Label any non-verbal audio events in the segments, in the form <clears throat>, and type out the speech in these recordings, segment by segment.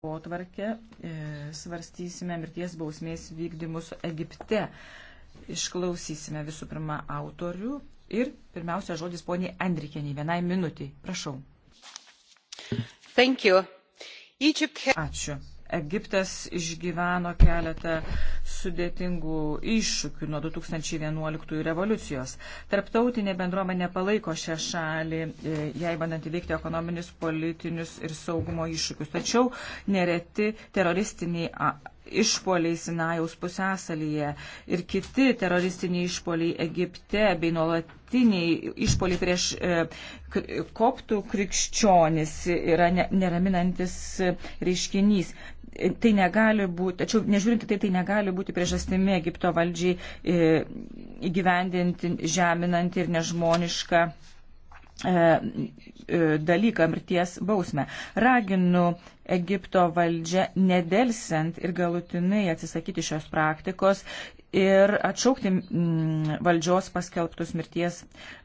potvarkę e, svarstysime mirties bausmės vykdymus Egipte. Išklausysime visų pirma autorių ir pirmiausia žodis poniai Andrikeniai. Vienai minutiai. Prašau. Egypt... Ačiū. Egiptas išgyveno keletą sudėtingų iššūkių nuo 2011 revoliucijos. Tarptautinė bendruomenė palaiko šią šalį, e, jai bandant įveikti ekonominius, politinius ir saugumo iššūkius. Tačiau nereti teroristiniai išpoliai Sinajaus pusęsalyje ir kiti teroristiniai išpoliai Egipte bei nuolatiniai išpoliai prieš e, koptų krikščionis yra ne, neraminantis reiškinys tai negali būti, tačiau nežiūrint tai, tai negali būti priežastimi Egipto valdžiai e, įgyvendinti žeminantį ir nežmonišką e, e, dalyką mirties bausmę. Raginu Egipto valdžią nedelsiant ir galutinai atsisakyti šios praktikos ir atšaukti mm, valdžios paskelbtus mirties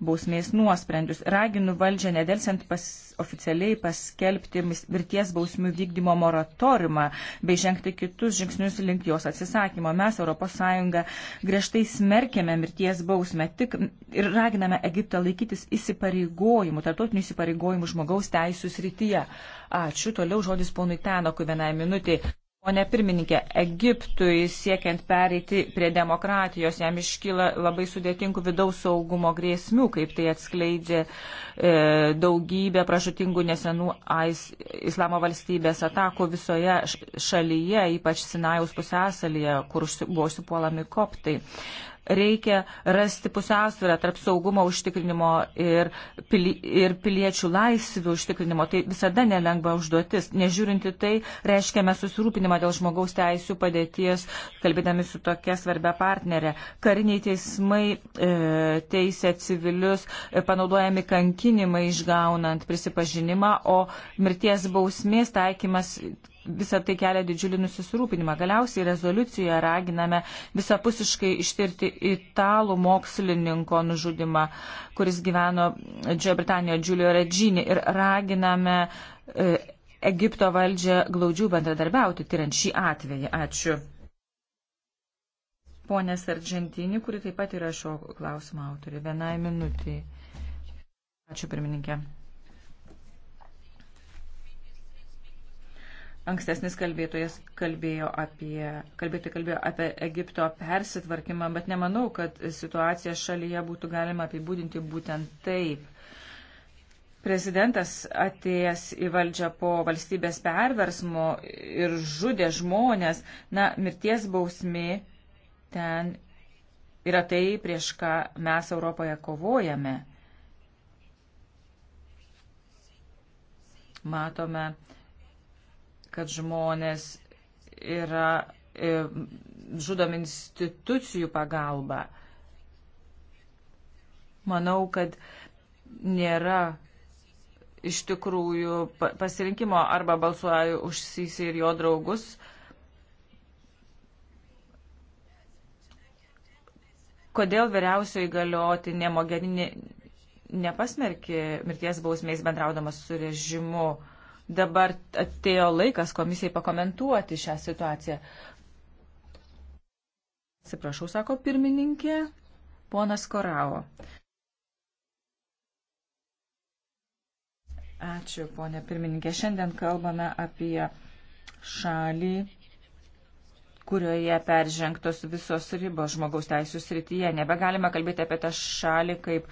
bausmės nuosprendžius. Raginu valdžią nedelsiant pas, oficialiai paskelbti mirties bausmių vykdymo moratoriumą bei žengti kitus žingsnius link jos atsisakymo. Mes, ES, griežtai smerkėme mirties bausmę tik ir raginame Egiptą laikytis įsipareigojimų, tarptautinių įsipareigojimų žmogaus teisų srityje. Ačiū. Toliau žodis ponui Tenokui vienai minutiai. Pone pirmininkė, Egiptui siekiant pereiti prie demokratijos, jam iškyla labai sudėtingų vidaus saugumo grėsmių, kaip tai atskleidžia e, daugybė pražutingų nesenų ais, islamo valstybės atakų visoje šalyje, ypač Sinajaus pusėsalyje, kur buvo užsipuolami koptai reikia rasti pusiausvyrą tarp saugumo užtikrinimo ir, pili, ir piliečių laisvių užtikrinimo. Tai visada nelengva užduotis. Nežiūrinti tai, reiškiame susirūpinimą dėl žmogaus teisų padėties, kalbėdami su tokia svarbia partnerė. Kariniai teismai e, teisė civilius, e, panaudojami kankinimai išgaunant prisipažinimą, o mirties bausmės taikymas visą tai kelia didžiulį nusisirūpinimą. Galiausiai rezoliucijoje raginame visapusiškai ištirti italų mokslininko nužudimą, kuris gyveno Džiojo Britanijoje Džiulio Redžinį ir raginame e, Egipto valdžią glaudžių bendradarbiauti, tyriant šį atvejį. Ačiū. Pone Sargentinį, kuri taip pat yra šio klausimo autori. Vienai minutiai. Ačiū pirmininkė. Ankstesnis kalbėtojas kalbėjo apie, kalbėtojai kalbėjo apie Egipto persitvarkymą, bet nemanau, kad situaciją šalyje būtų galima apibūdinti būtent taip. Prezidentas atėjęs į valdžią po valstybės perversmo ir žudė žmonės, na, mirties bausmi ten yra tai, prieš ką mes Europoje kovojame. Matome, kad žmonės yra e, žudomi institucijų pagalba. Manau, kad nėra iš tikrųjų pasirinkimo arba balsuoju už Sisi ir jo draugus. Kodėl vyriausioji galioti nemogeninė nepasmerkė mirties bausmės bendraudamas su režimu? Dabar atėjo laikas komisijai pakomentuoti šią situaciją. Atsiprašau, sako pirmininkė, ponas Koravo. Ačiū, ponė pirmininkė. Šiandien kalbame apie šalį kurioje peržengtos visos ribos žmogaus teisų srityje. Nebegalime kalbėti apie tą šalį kaip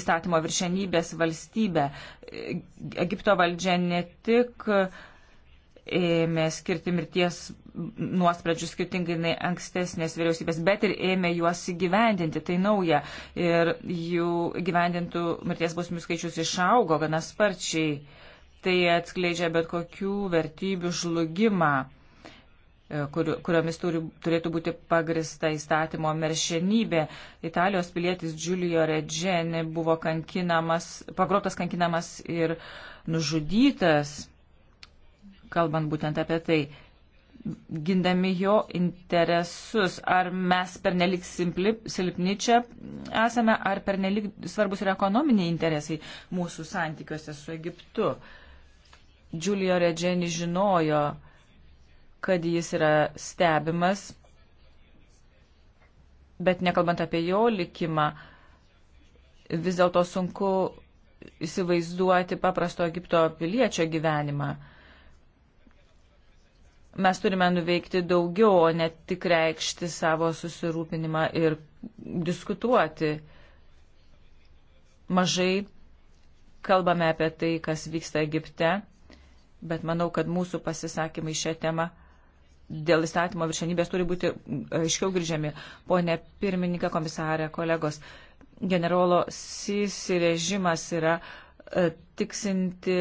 įstatymo viršenybės valstybę. Egipto valdžia ne tik ėmė skirti mirties nuosprendžių skirtingai nei ankstesnės vyriausybės, bet ir ėmė juos įgyvendinti. Tai nauja. Ir jų įgyvendintų mirties bausmių skaičius išaugo gana sparčiai. Tai atskleidžia bet kokių vertybių žlugimą kur, kuriomis turi, turėtų būti pagrista įstatymo meršenybė. Italijos pilietis Giulio Regeni buvo kankinamas, pagrotas kankinamas ir nužudytas, kalbant būtent apie tai, gindami jo interesus. Ar mes pernelik silpni čia esame, ar pernelik svarbus yra ekonominiai interesai mūsų santykiuose su Egiptu. Giulio Regeni žinojo, kad jis yra stebimas, bet nekalbant apie jo likimą, vis dėlto sunku įsivaizduoti paprasto Egipto piliečio gyvenimą. Mes turime nuveikti daugiau, o ne tik reikšti savo susirūpinimą ir diskutuoti. Mažai kalbame apie tai, kas vyksta Egipte, bet manau, kad mūsų pasisakymai šią temą dėl įstatymo viršenybės turi būti aiškiau grįžiami. Pone pirmininkė, komisarė, kolegos, generolo Sisi režimas yra e, tiksinti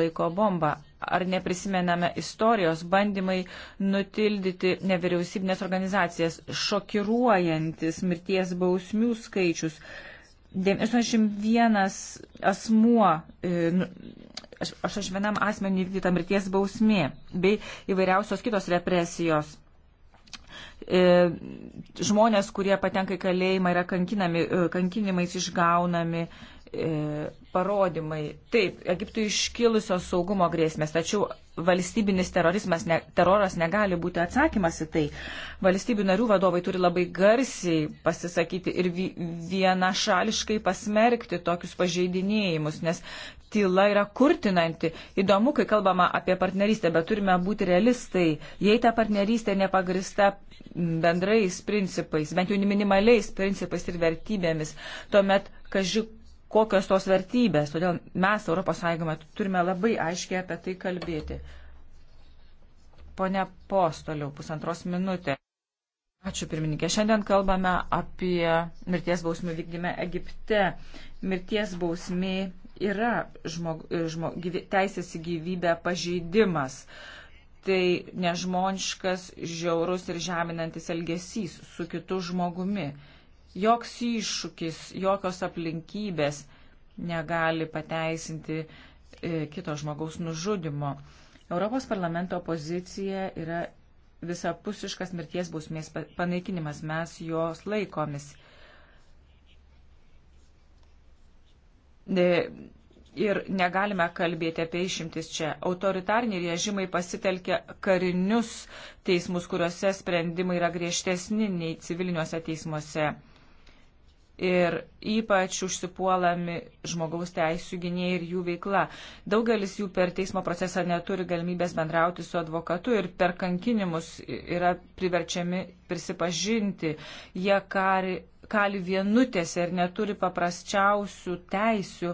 laiko bomba. Ar neprisimename istorijos bandymai nutildyti nevyriausybinės organizacijas, šokiruojantis mirties bausmių skaičius. 81 asmuo e, nu, 81 asmenį vykdyta mirties bausmė bei įvairiausios kitos represijos. E, žmonės, kurie patenka į kalėjimą, yra kankinami, e, kankinimais išgaunami e, parodymai. Taip, Egiptui iškilusios saugumo grėsmės, tačiau valstybinis terorizmas, ne, teroras negali būti atsakymas į tai. Valstybių narių vadovai turi labai garsiai pasisakyti ir vi, vienašališkai pasmerkti tokius pažeidinėjimus, nes tyla yra kurtinanti. Įdomu, kai kalbama apie partnerystę, bet turime būti realistai. Jei ta partnerystė nepagrista bendrais principais, bent jau minimaliais principais ir vertybėmis, tuomet kažkaip kokios tos vertybės. Todėl mes ES turime labai aiškiai apie tai kalbėti. Pone Postoliau, pusantros minutė. Ačiū pirmininkė. Šiandien kalbame apie mirties bausmių vykdymę Egipte. Mirties bausmė yra žmog, e, žmog, gyvy, teisės į gyvybę pažeidimas. Tai nežmoniškas, žiaurus ir žeminantis elgesys su kitu žmogumi. Joks iššūkis, jokios aplinkybės negali pateisinti e, kito žmogaus nužudimo. Europos parlamento pozicija yra visapusiškas mirties bausmės panaikinimas. Mes jos laikomis ir negalime kalbėti apie išimtis čia. Autoritarniai režimai pasitelkia karinius teismus, kuriuose sprendimai yra griežtesni nei civiliniuose teismuose. Ir ypač užsipuolami žmogaus teisų gynėjai ir jų veikla. Daugelis jų per teismo procesą neturi galimybės bendrauti su advokatu ir per kankinimus yra priverčiami prisipažinti. Jie kari kali vienutėse ir neturi paprasčiausių teisių.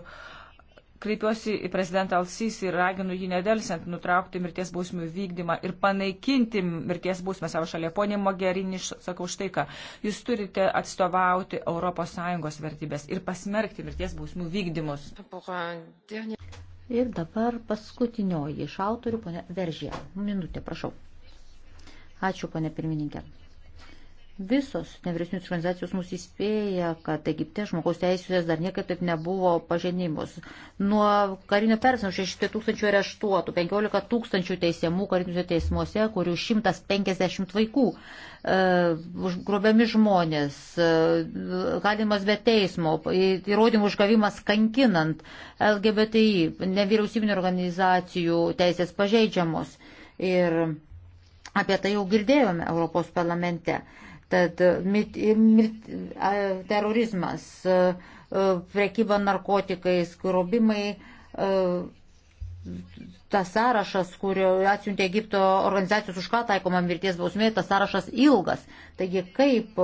Kreipiuosi į prezidentą Alsys ir raginu jį nedelsiant nutraukti mirties bausmių vykdymą ir panaikinti mirties bausmę savo šalia. Pone Mogherini, sakau štai ką, jūs turite atstovauti ES vertybės ir pasmerkti mirties bausmių vykdymus. Ir dabar paskutinioji iš autorių, ponė Veržė. Minutė, prašau. Ačiū, ponė pirmininkė. Visos nevyriausybinės organizacijos mus įspėja, kad Egipte žmogaus teisės dar niekaip taip nebuvo pažinimus. Nuo karinio persino 6 tūkstančių areštuotų, 15 tūkstančių teisėmų kariniuose teismuose, kurių 150 vaikų, e, grobiami žmonės, e, galimas be teismo, įrodymų užgavimas kankinant, LGBTI, nevyriausybinio organizacijų teisės pažeidžiamos. Ir apie tai jau girdėjome Europos parlamente. E, Tad mit, mit, terorizmas, prekyba narkotikais, grobimai, tas sąrašas, kurio atsiuntė Egipto organizacijos už ką taikoma mirties bausmė, tas sąrašas ilgas. Taigi kaip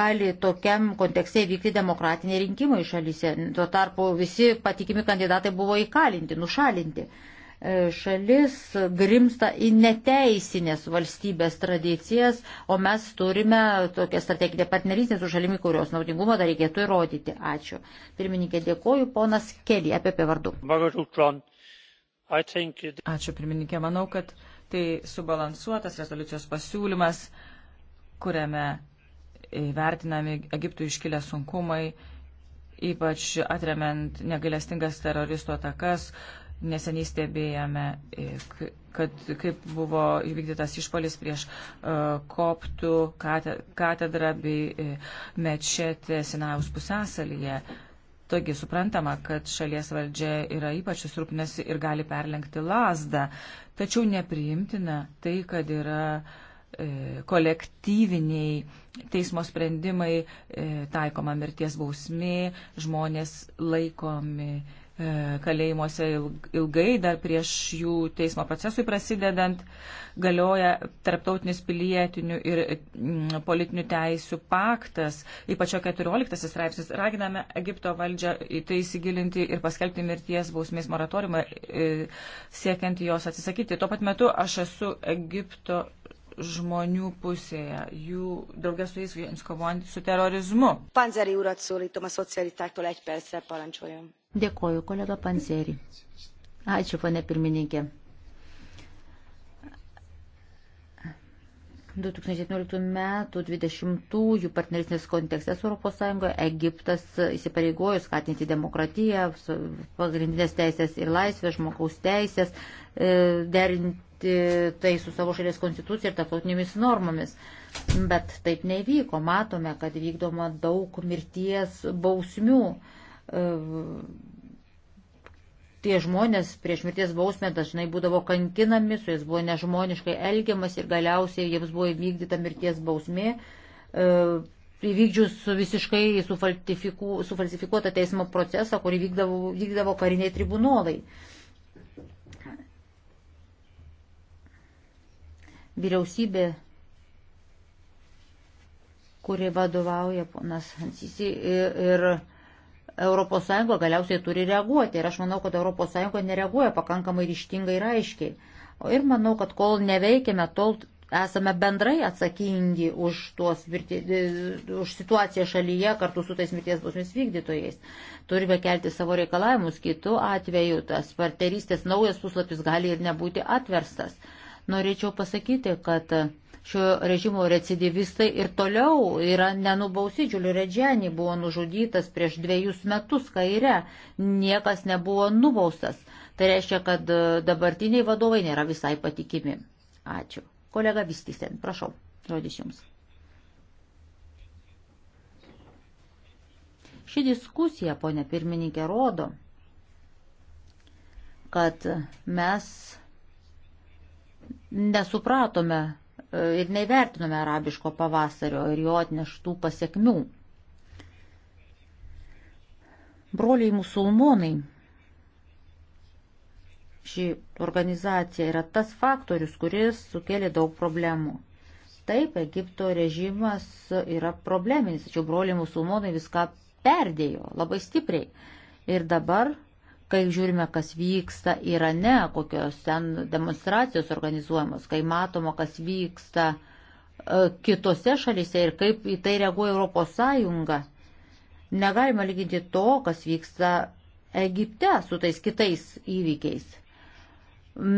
gali tokiam kontekste vykti demokratiniai rinkimai šalyse. Tuo tarpu visi patikimi kandidatai buvo įkalinti, nušalinti. Uh, E, šalis grimsta į neteisinės valstybės tradicijas, o mes turime tokią strateginę partnerystę su šalimi, kurios naudingumo dar reikėtų įrodyti. Ačiū. Pirmininkė, dėkoju, ponas Kelį, apie pavardų. Ačiū, pirmininkė. Manau, kad tai subalansuotas rezoliucijos pasiūlymas, kuriame įvertinami Egiptų iškilę sunkumai, ypač atremiant negalestingas teroristų atakas, Neseniai stebėjome, e, kad kaip buvo įvykdytas išpolis prieš e, koptų katedrą bei e, mečetę Sinajaus pusęsalyje. Taigi suprantama, kad šalies valdžia yra ypač susirūpinęs ir gali perlenkti lasdą. Tačiau nepriimtina tai, kad yra e, kolektyviniai teismo sprendimai, e, taikoma mirties bausmė, žmonės laikomi E, kalėjimuose ilgai, dar prieš jų teismo procesui prasidedant, galioja tarptautinis pilietinių ir mm, politinių teisių paktas, ypač jo 14 straipsnis. Raginame Egipto valdžią į tai įsigilinti ir paskelbti mirties bausmės moratoriumą, e, siekiant jos atsisakyti. Tuo pat metu aš esu Egipto žmonių pusėje, jų draugė su jais kovojant su terorizmu. Panzerį urat siūlytumą socialitaktų leitperse parančiuojam. Dėkoju, kolega Panzerį. Ačiū, pane pirmininkė. 2017 metų 20-ųjų partnerisnės kontekstas ES Egiptas įsipareigojo skatinti demokratiją, pagrindinės teisės ir laisvės, žmogaus teisės, e, derinti tai su savo šalies konstitucija ir tarptautinėmis normomis. Bet taip nevyko. Matome, kad vykdoma daug mirties bausmių e, Tie žmonės prieš mirties bausmę dažnai būdavo kankinami, su jais buvo nežmoniškai elgiamas ir galiausiai jiems buvo įvykdyta mirties bausmė, e, įvykdžius su visiškai sufalsifikuotą teismo procesą, kurį vykdavo, vykdavo kariniai tribunolai. Vyriausybė kuri vadovauja ponas Hansisi ir, ir ES galiausiai turi reaguoti. Ir aš manau, kad ES nereaguoja pakankamai ryštingai ir aiškiai. Ir manau, kad kol neveikime, tol esame bendrai atsakingi už, tuos, e, už situaciją šalyje kartu su tais mirties bausmės vykdytojais. Turime kelti savo reikalavimus, kitų atveju tas partnerystės naujas puslapis gali ir nebūti atverstas. Norėčiau pasakyti, kad šio režimo recidivistai ir toliau yra nenubausi. Džiulio Redžiani buvo nužudytas prieš dviejus metus kaire, niekas nebuvo nubaustas. Tai reiškia, kad e, dabartiniai vadovai nėra visai patikimi. Ačiū. Kolega Vistisen, prašau, žodis jums. Ši diskusija, ponė pirmininkė, rodo, kad mes nesupratome ir nevertinome arabiško pavasario ir jo atneštų pasiekmių. Broliai musulmonai, ši organizacija yra tas faktorius, kuris sukėlė daug problemų. Taip, Egipto režimas yra probleminis, tačiau broliai musulmonai viską perdėjo labai stipriai. Ir dabar kai žiūrime, kas vyksta Irane, kokios ten demonstracijos organizuojamos, kai matoma, kas vyksta e, kitose šalise ir kaip į tai reaguoja Europos Sąjunga, negalima lyginti to, kas vyksta Egipte su tais kitais įvykiais.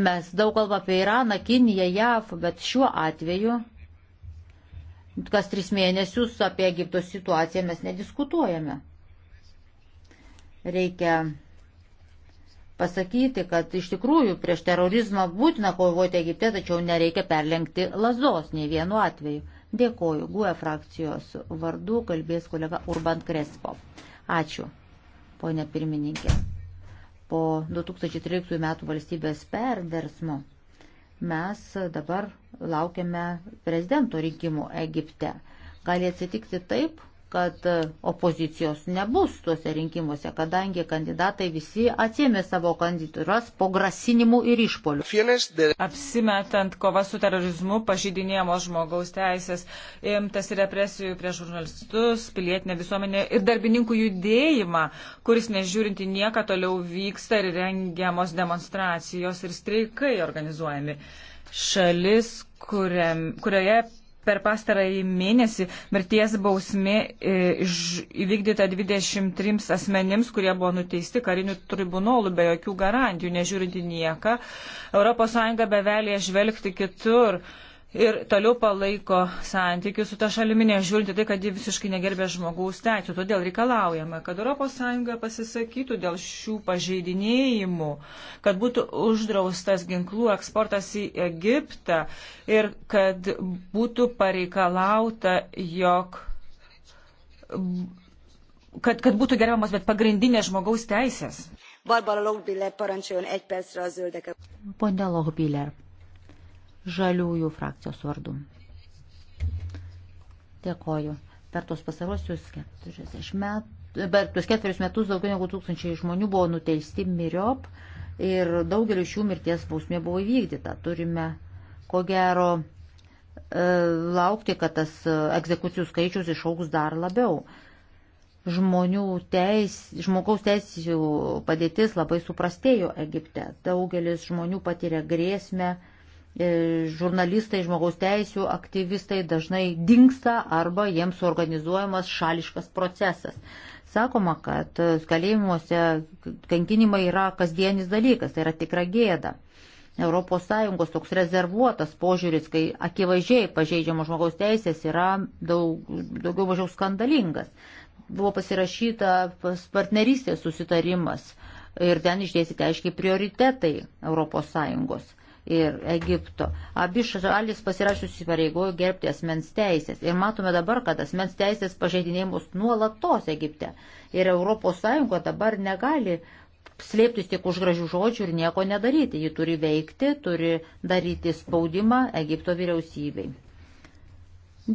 Mes daug kalbame apie Iraną, Kiniją, JAV, bet šiuo atveju kas tris mėnesius apie Egipto situaciją mes nediskutuojame. Reikia pasakyti, kad iš tikrųjų prieš terorizmą būtina kovoti Egipte, tačiau nereikia perlenkti lazos nei vienu atveju. Dėkoju. GUE frakcijos vardu kalbės kolega Urban Krespo. Ačiū, ponė pirmininkė. Po 2013 metų valstybės perversmo mes dabar laukiame prezidento rinkimų Egipte. Gali atsitikti taip, kad e, opozicijos nebus tuose rinkimuose, kadangi kandidatai visi atsėmė savo kandidatūras po grasinimų ir išpolių. Apsimetant kova su terorizmu, pažydinėjamos žmogaus teisės, imtas represijų prieš žurnalistus, pilietinę visuomenę ir darbininkų judėjimą, kuris nežiūrinti nieką toliau vyksta ir rengiamos demonstracijos ir streikai organizuojami. Šalis, kuriam, kurioje per pastarąjį mėnesį mirties bausmė e, įvykdyta 23 asmenims, kurie buvo nuteisti karinių tribunolų be jokių garantijų, nežiūrint į nieką. ES bevelė žvelgti kitur ir toliau palaiko santykius su ta šalimi, nežiūrinti tai, kad ji visiškai negerbė žmogaus teisų. Todėl reikalaujame, kad ES pasisakytų dėl šių pažeidinėjimų, kad būtų uždraustas ginklų eksportas į Egiptą ir kad būtų pareikalauta, jog. Kad, kad būtų gerbiamos, bet pagrindinės žmogaus teisės. Barbara Lochbiller, parancsoljon egy percre a zöldeket. Barbara Lochbiller, žaliųjų frakcijos vardu. Dėkoju. Per tuos pasarosius 40 metų, per tuos ketverius metus daugiau negu tūkstančiai žmonių buvo nuteisti miriop ir daugeliu šių mirties bausmė buvo įvykdyta. Turime, ko gero, e, laukti, kad tas egzekucijų skaičius išaugs dar labiau žmonių teis, žmogaus teisų padėtis labai suprastėjo Egipte. Daugelis žmonių patiria grėsmę E, žurnalistai, žmogaus teisų aktyvistai dažnai dinksta arba jiems organizuojamas šališkas procesas. Sakoma, kad kalėjimuose kankinimai yra kasdienis dalykas, tai yra tikra gėda. ES toks rezervuotas požiūris, kai akivaizdžiai pažeidžiamos žmogaus teisės yra daug, daugiau mažiau skandalingas. Buvo pasirašyta partnerystės susitarimas ir ten išdėsite aiškiai prioritetai ES ir Egipto. Abi šalis pasirašius įpareigojo gerbti asmens teisės. Ir matome dabar, kad asmens teisės pažeidinėjimus nuolatos Egipte. Ir ES dabar negali slėptis tik už gražių žodžių ir nieko nedaryti. Ji turi veikti, turi daryti spaudimą Egipto vyriausybei.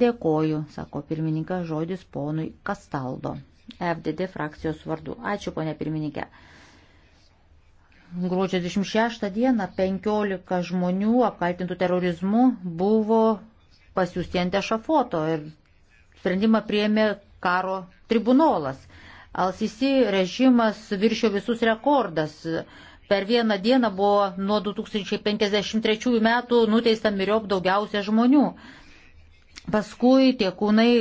Dėkoju, sako pirmininkas žodis ponui Kastaldo. FDD frakcijos vardu. Ačiū, ponė pirmininkė. Gruodžio 26 dieną 15 žmonių apkaltintų terorizmu buvo pasiūsti ant ešafoto ir sprendimą priėmė karo tribunolas. Alsisi režimas viršio visus rekordas. Per vieną dieną buvo nuo 2053 metų nuteista miriop daugiausia žmonių. Paskui tie kūnai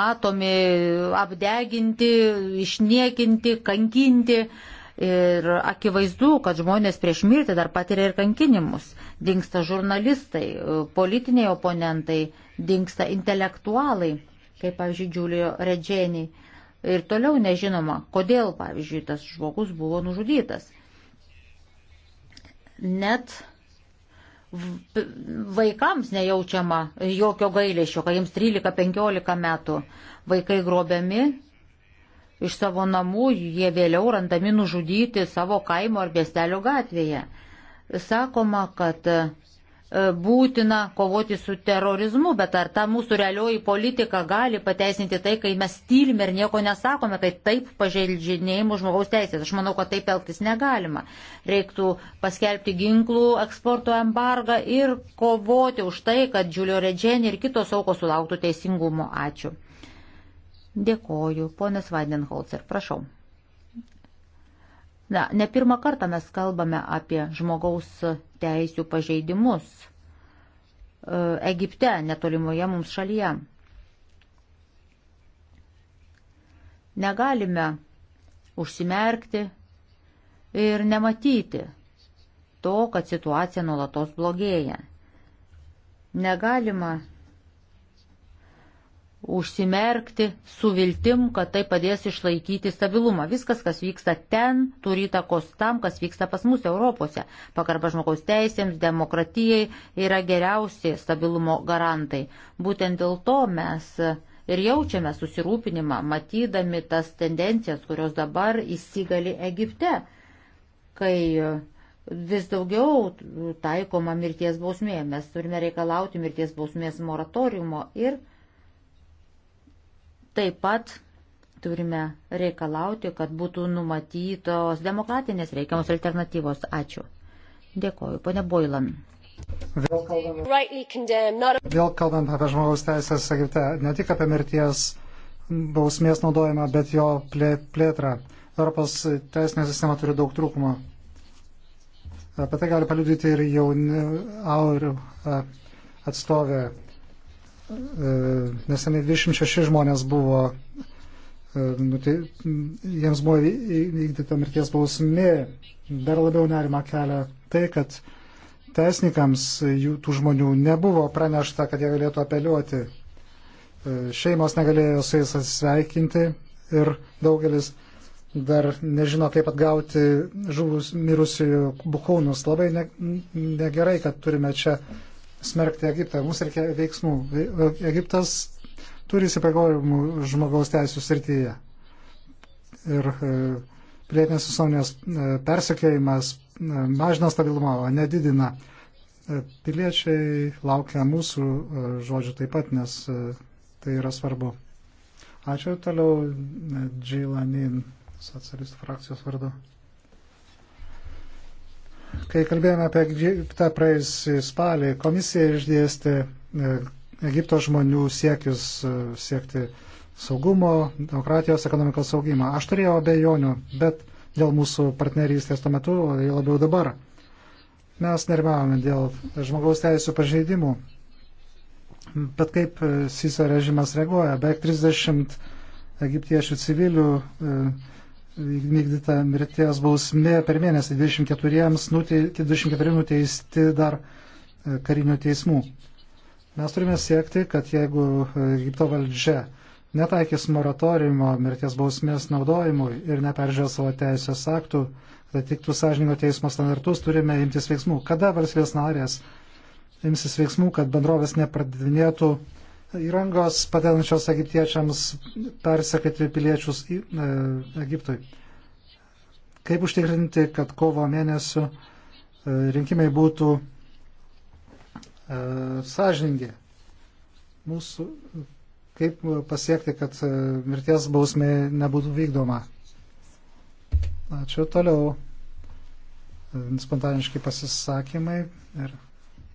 matomi apdeginti, išniekinti, kankinti. Ir akivaizdu, kad žmonės prieš mirtį dar patiria ir kankinimus. Dingsta žurnalistai, politiniai oponentai, dingsta intelektualai, kaip pavyzdžiui, Džiulio Redženiai. Ir toliau nežinoma, kodėl, pavyzdžiui, tas žmogus buvo nužudytas. Net vaikams nejaučiama jokio gailėšio, kai jiems 13-15 metų vaikai grobiami iš savo namų, jie vėliau randami nužudyti savo kaimo ar miestelio gatvėje. Sakoma, kad e, būtina kovoti su terorizmu, bet ar ta mūsų realioji politika gali pateisinti tai, kai mes tylime ir nieko nesakome, kai taip pažeidžinėjimų žmogaus teisės. Aš manau, kad taip elgtis negalima. Reiktų paskelbti ginklų eksporto embargą ir kovoti už tai, kad Džiulio Redženė ir kitos aukos sulauktų teisingumo. Ačiū. Dėkoju, ponas Weidenholzer, prašau. Na, ne pirmą kartą mes kalbame apie žmogaus teisių pažeidimus e, Egipte, netolimoje mums šalyje. Negalime užsimerkti ir nematyti to, kad situacija nuolatos blogėja. Negalima užsimerkti su viltim, kad tai padės išlaikyti stabilumą. Viskas, kas vyksta ten, turi įtakos tam, kas vyksta pas mus Europose. Pagarba žmogaus teisėms, demokratijai yra geriausi stabilumo garantai. Būtent dėl to mes ir jaučiame susirūpinimą, matydami tas tendencijas, kurios dabar įsigali Egipte, kai vis daugiau taikoma mirties bausmė. Mes turime reikalauti mirties bausmės moratoriumo ir Taip pat turime reikalauti, kad būtų numatytos demokratinės reikiamos alternatyvos. Ačiū. Dėkoju, ponė Boilan. Vėl kalbam, vėl kalbam apie žmogaus teisės Egipte, ne tik apie mirties bausmės naudojimą, bet jo plėtrą. Europos teisinė sistema turi daug trūkumų. Apie tai gali paliudyti ir jauni aurių atstovė E, neseniai 26 žmonės buvo, nu, tai, jiems buvo įvykdyta mirties bausmė. Dar labiau nerima kelia tai, kad teisininkams jų tų žmonių nebuvo pranešta, kad jie galėtų apeliuoti. E, šeimos negalėjo su jais atsisveikinti ir daugelis dar nežino, kaip atgauti žuvus mirusiųjų bukūnus. Labai ne, negerai, kad turime čia smerkti Egiptą. Mums reikia veiksmų. Egiptas turi įsipareigojimų žmogaus teisų srityje. Ir e, pilietinės visuomenės e, persekėjimas e, mažina stabilumą, o nedidina. Piliečiai laukia mūsų žodžių taip pat, nes tai yra svarbu. Ačiū toliau Džilanin, socialistų frakcijos vardu. Kai kalbėjome apie Egiptą praėjusį spalį, komisija išdėstė e, Egipto žmonių siekius e, siekti saugumo, demokratijos, ekonomikos saugimą. Aš turėjau abejonių, bet dėl mūsų partnerystės tuo metu, labiau dabar. Mes nerimavome dėl žmogaus teisų pažeidimų. Bet kaip e, Sisa režimas reaguoja? Beveik 30 egiptiečių civilių e, vykdyta mirties bausmė per mėnesį 24, nutei, 24 nuteisti dar e, karinių teismų. Mes turime siekti, kad jeigu e, Egipto valdžia netaikys moratoriumo mirties bausmės naudojimui ir neperžiūrės savo teisės aktų, kad atitiktų sąžininko teismo standartus, turime imtis veiksmų. Kada valstybės narės imsis veiksmų, kad bendrovės nepradinėtų įrangos padedančios egiptiečiams persekyti piliečius į, e, Egiptui. Kaip užtikrinti, kad kovo mėnesio e, rinkimai būtų e, sąžiningi? Mūsų, kaip pasiekti, kad e, mirties bausmė nebūtų vykdoma? Ačiū toliau. E, spontaniški pasisakymai ir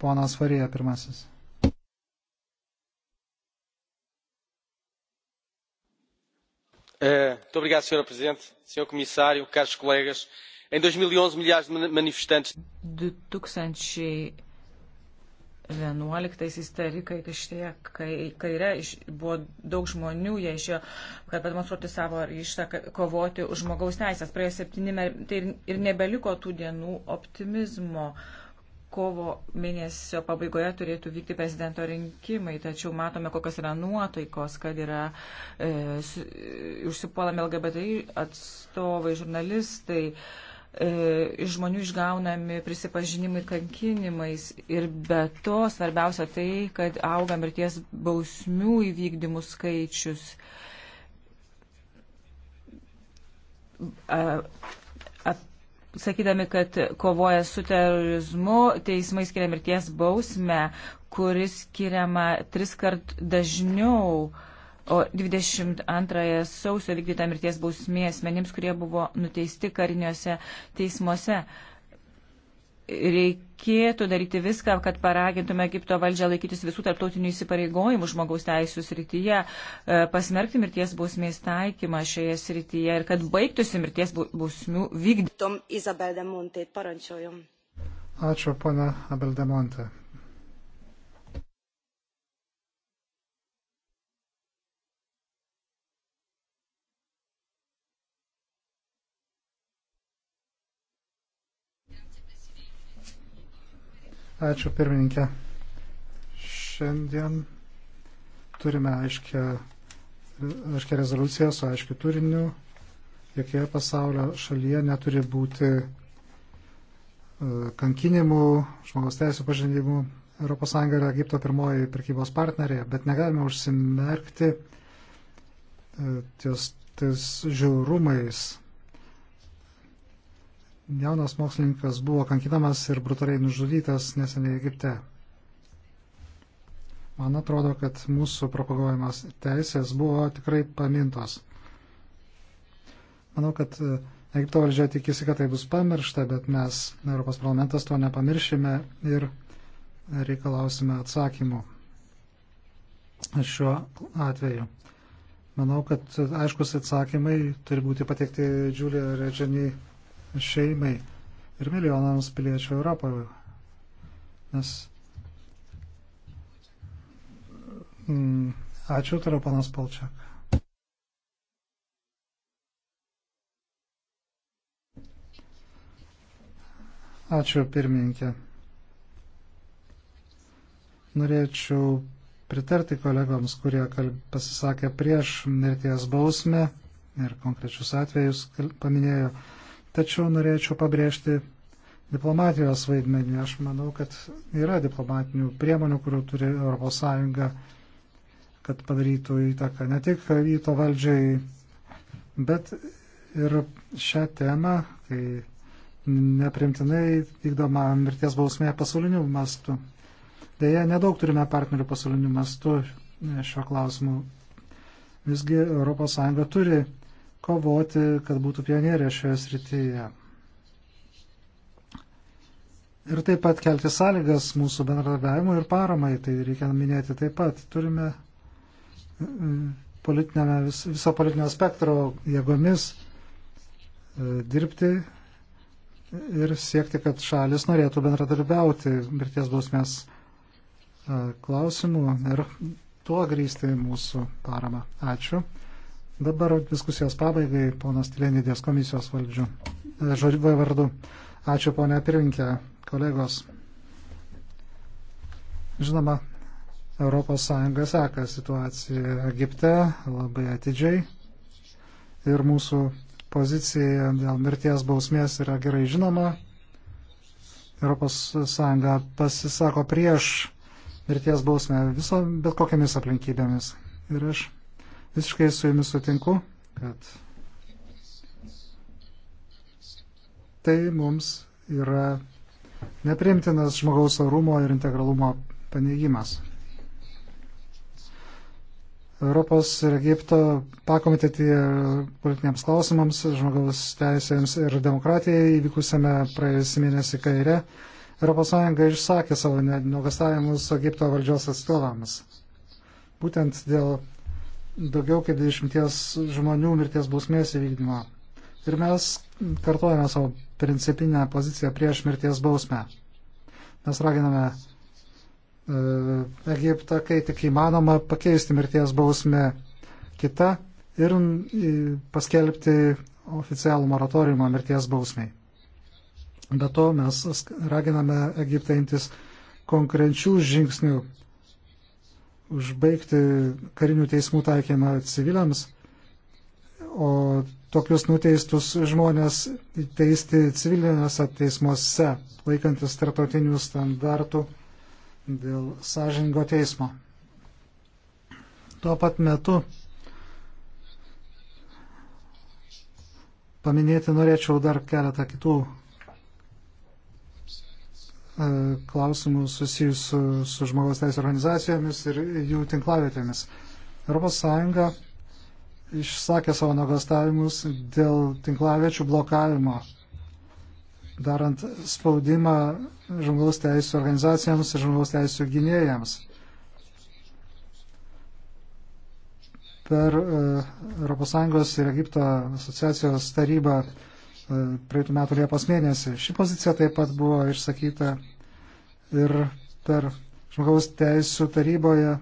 ponas Varija pirmasis. Eh, senhora presidente senhor comissário caros colegas em dois mil e onze milhares de manifestantes. du tūkstančiai vienuoliktaisiais eh, tarikai aikštėje kaire buvo daug žmonių jie išėjo kad pademonstruotų savo ryžtą kovoti už žmogaus teises praėjo septyni metai ir nebeliko tų dienų optimizmo kovo mėnesio pabaigoje turėtų vykti prezidento rinkimai, tačiau matome, kokios yra nuotaikos, kad yra e, su, e, užsipuolami LGBT atstovai, žurnalistai, e, iš žmonių išgaunami prisipažinimai kankinimais ir be to svarbiausia tai, kad auga mirties bausmių įvykdymų skaičius. E, sakydami, kad kovoja su terorizmu, teismai skiria mirties bausmę, kuris skiriama tris kart dažniau, o 22 sausio vykdyta mirties bausmė asmenims, kurie buvo nuteisti kariniuose teismuose. Uh, reikėtų daryti viską, kad paragintume Egipto valdžią laikytis visų tarptautinių įsipareigojimų žmogaus teisų srityje, e, pasmerkti mirties bausmės taikymą šioje srityje ir kad baigtųsi mirties bausmių vykdytom. Ačiū, pana Abeldemonte. Ačiū pirmininkė. Šiandien turime aiškę, aiškę rezoliuciją su aiškiu turiniu. Jokioje pasaulio šalyje neturi būti e, kankinimų, žmogaus teisų pažinimų. ES yra Egipto pirmoji prekybos partnerė, bet negalime užsimerkti e, ties, ties žiaurumais jaunas mokslininkas buvo kankinamas ir brutaliai nužudytas neseniai Egipte. Man atrodo, kad mūsų propaguojamas teisės buvo tikrai pamintos. Manau, kad e, Egipto valdžia tikisi, kad tai bus pamiršta, bet mes, Europos parlamentas, to nepamiršime ir reikalausime atsakymų šiuo atveju. Manau, kad aiškus atsakymai turi būti pateikti Džiulio Redžaniai šeimai ir milijonams piliečių Europoje. Nes mm, Ačiū, toliau panas Palčiak. Ačiū, pirmininkė. Norėčiau pritarti kolegoms, kurie pasisakė prieš mirties bausmę ir konkrečius atvejus paminėjo. Tačiau norėčiau pabrėžti diplomatijos vaidmenį. Aš manau, kad yra diplomatinių priemonių, kurių turi ES, kad padarytų įtaką ne tik vyto valdžiai, bet ir šią temą, kai neprimtinai vykdoma mirties bausmė pasauliniu mastu. Deja, nedaug turime partnerių pasauliniu mastu šio klausimu. Visgi ES turi kovoti, kad būtų pionierė šioje srityje. Ir taip pat kelti sąlygas mūsų bendradarbiavimui ir paramai, tai reikia minėti taip pat. Turime mm, vis, viso politinio spektro jėgomis e, dirbti ir siekti, kad šalis norėtų bendradarbiauti mirties bausmės e, klausimų ir tuo grįsti mūsų paramą. Ačiū. Dabar diskusijos pabaigai, ponas Tilenidės komisijos valdžių. E, žodžiu vardu. Ačiū, ponė Pirinkė, kolegos. Žinoma, ES seka situaciją Egipte labai atidžiai ir mūsų pozicija dėl mirties bausmės yra gerai žinoma. ES pasisako prieš mirties bausmę viso, bet kokiamis aplinkybėmis. Ir aš Visiškai su jumis sutinku, kad tai mums yra neprimtinas žmogaus orumo ir integralumo paneigimas. Europos ir Egipto pakomitetį politiniams klausimams, žmogaus teisėms ir demokratijai įvykusiame praėjusį mėnesį kaire ES išsakė savo nuogastavimus Egipto valdžios atstovams. Būtent dėl daugiau kaip 20 žmonių mirties bausmės įvykdymo. Ir mes kartuojame savo principinę poziciją prieš mirties bausmę. Mes raginame e, Egiptą, kai tik įmanoma, pakeisti mirties bausmę kitą ir e, paskelbti oficialų moratoriumą mirties bausmiai. Be to mes raginame Egiptą imtis konkrečių žingsnių užbaigti karinių teismų taikymą civiliams, o tokius nuteistus žmonės teisti civilinėse teismuose, laikantis tarptautinių standartų dėl sąžingo teismo. Tuo pat metu paminėti norėčiau dar keletą kitų E, klausimų susijusių su, su žmogaus teisų organizacijomis ir jų tinklavietėmis. ES išsakė savo nuogastavimus dėl tinklaviečių blokavimo, darant spaudimą žmogaus teisų organizacijoms ir žmogaus teisų gynėjams. Per ES ir Egipto asociacijos tarybą praeitų metų Liepos mėnesį. Ši pozicija taip pat buvo išsakyta ir per žmogaus teisų taryboje e,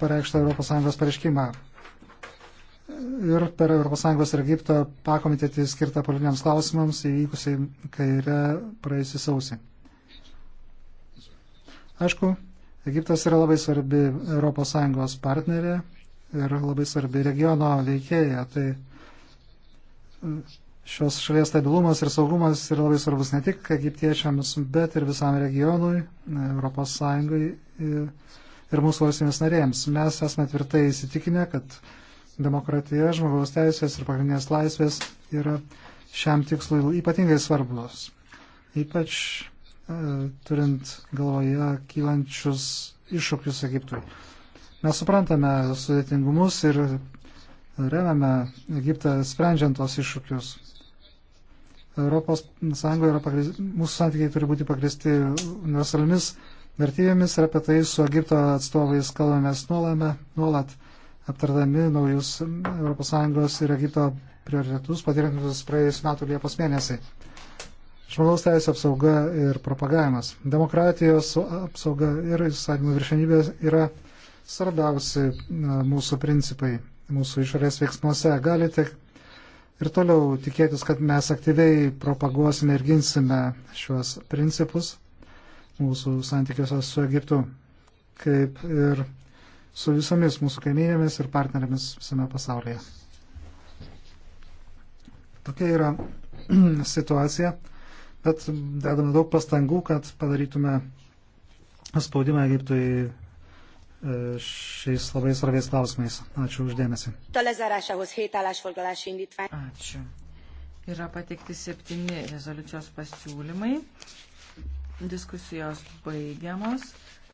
pareikštą ES pareiškimą ir per ES ir Egipto pakomitetį skirtą politiniams klausimams įvykusiai kairę praėjusį sausį. Aišku, Egiptas yra labai svarbi ES partnerė ir labai svarbi regiono veikėja. Tai šios šalies stabilumas ir saugumas yra labai svarbus ne tik egiptiečiams, bet ir visam regionui, Europos Sąjungai ir mūsų valstybės narėjams. Mes esame tvirtai įsitikinę, kad demokratija, žmogaus teisės ir pagrindinės laisvės yra šiam tikslui ypatingai svarbus. Ypač e, turint galvoje kylančius iššūkius Egiptui. Mes suprantame sudėtingumus ir remiame Egiptą sprendžiant tos iššūkius. Europos Sąjungoje yra pagrįsti, mūsų santykiai turi būti pagristi universaliomis vertybėmis ir apie tai su Egipto atstovais kalbamės nuolame, nuolat aptardami naujus Europos Sąjungos ir Egipto prioritetus patirintus praėjus metų Liepos mėnesį. Žmogaus teisų apsauga ir propagavimas. Demokratijos apsauga ir įstatymų viršenybė yra svarbiausi mūsų principai mūsų išorės veiksmuose. Galite ir toliau tikėtis, kad mes aktyviai propaguosime ir ginsime šiuos principus mūsų santykiuose su Egiptu, kaip ir su visomis mūsų kaimynėmis ir partnerėmis visame pasaulyje. Tokia yra <clears throat> situacija, bet dedame daug pastangų, kad padarytume spaudimą Egiptui šiais labai svarbiais klausimais. Ačiū uždėmesi. Ačiū. Yra pateikti septyni rezoliucijos pasiūlymai. Diskusijos baigiamos.